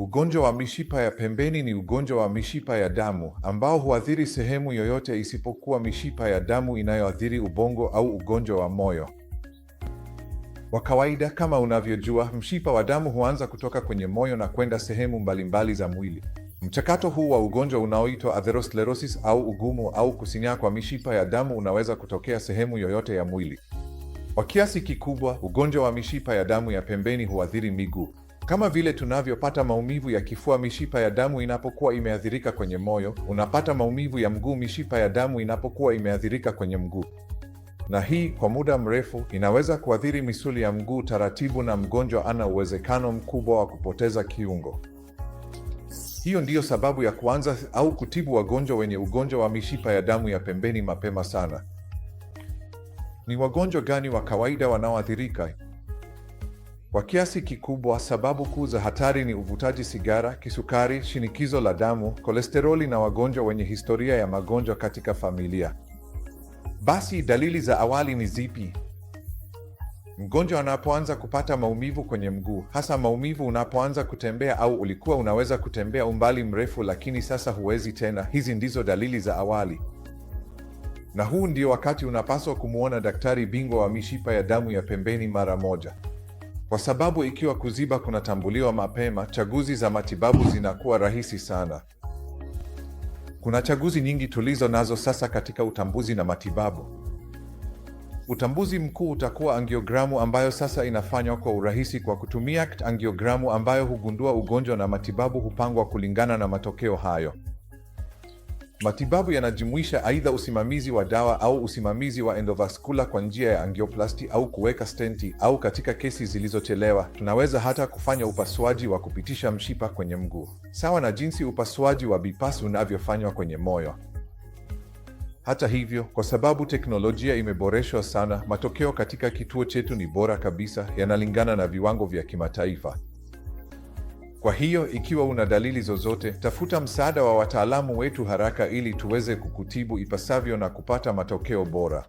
Ugonjwa wa mishipa ya pembeni ni ugonjwa wa mishipa ya damu ambao huathiri sehemu yoyote isipokuwa mishipa ya damu inayoathiri ubongo au ugonjwa wa moyo. Kwa kawaida, kama unavyojua, mshipa wa damu huanza kutoka kwenye moyo na kwenda sehemu mbalimbali za mwili. Mchakato huu wa ugonjwa unaoitwa atherosclerosis au ugumu au kusinyaa kwa mishipa ya damu unaweza kutokea sehemu yoyote ya mwili. Kwa kiasi kikubwa, ugonjwa wa mishipa ya damu ya pembeni huathiri miguu. Kama vile tunavyopata maumivu ya kifua mishipa ya damu inapokuwa imeathirika kwenye moyo, unapata maumivu ya mguu mishipa ya damu inapokuwa imeathirika kwenye mguu. Na hii kwa muda mrefu inaweza kuathiri misuli ya mguu taratibu, na mgonjwa ana uwezekano mkubwa wa kupoteza kiungo. Hiyo ndiyo sababu ya kuanza au kutibu wagonjwa wenye ugonjwa wa mishipa ya damu ya pembeni mapema sana. Ni wagonjwa gani wa kawaida wanaoathirika? Kwa kiasi kikubwa, sababu kuu za hatari ni uvutaji sigara, kisukari, shinikizo la damu, kolesteroli na wagonjwa wenye historia ya magonjwa katika familia. Basi dalili za awali ni zipi? Mgonjwa anapoanza kupata maumivu kwenye mguu, hasa maumivu unapoanza kutembea au ulikuwa unaweza kutembea umbali mrefu lakini sasa huwezi tena, hizi ndizo dalili za awali, na huu ndio wakati unapaswa kumwona daktari bingwa wa mishipa ya damu ya pembeni mara moja. Kwa sababu ikiwa kuziba kunatambuliwa mapema, chaguzi za matibabu zinakuwa rahisi sana. Kuna chaguzi nyingi tulizo nazo sasa katika utambuzi na matibabu. Utambuzi mkuu utakuwa angiogramu ambayo sasa inafanywa kwa urahisi kwa kutumia angiogramu ambayo hugundua ugonjwa na matibabu hupangwa kulingana na matokeo hayo. Matibabu yanajumuisha aidha usimamizi wa dawa au usimamizi wa endovaskula kwa njia ya angioplasti au kuweka stenti, au katika kesi zilizochelewa, tunaweza hata kufanya upasuaji wa kupitisha mshipa kwenye mguu, sawa na jinsi upasuaji wa bipasi unavyofanywa kwenye moyo. Hata hivyo, kwa sababu teknolojia imeboreshwa sana, matokeo katika kituo chetu ni bora kabisa, yanalingana na viwango vya kimataifa. Kwa hiyo ikiwa una dalili zozote, tafuta msaada wa wataalamu wetu haraka ili tuweze kukutibu ipasavyo na kupata matokeo bora.